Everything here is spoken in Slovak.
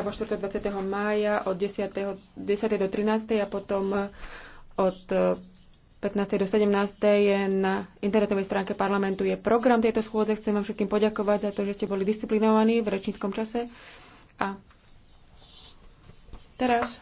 vo 4. 20. mája od 10. 10. do 13. a potom eh, od 15. Eh, do 17. Je na internetovej stránke parlamentu je program tejto schôdze. Chcem vám všetkým poďakovať za to, že ste boli disciplinovaní v rečníckom čase. A teraz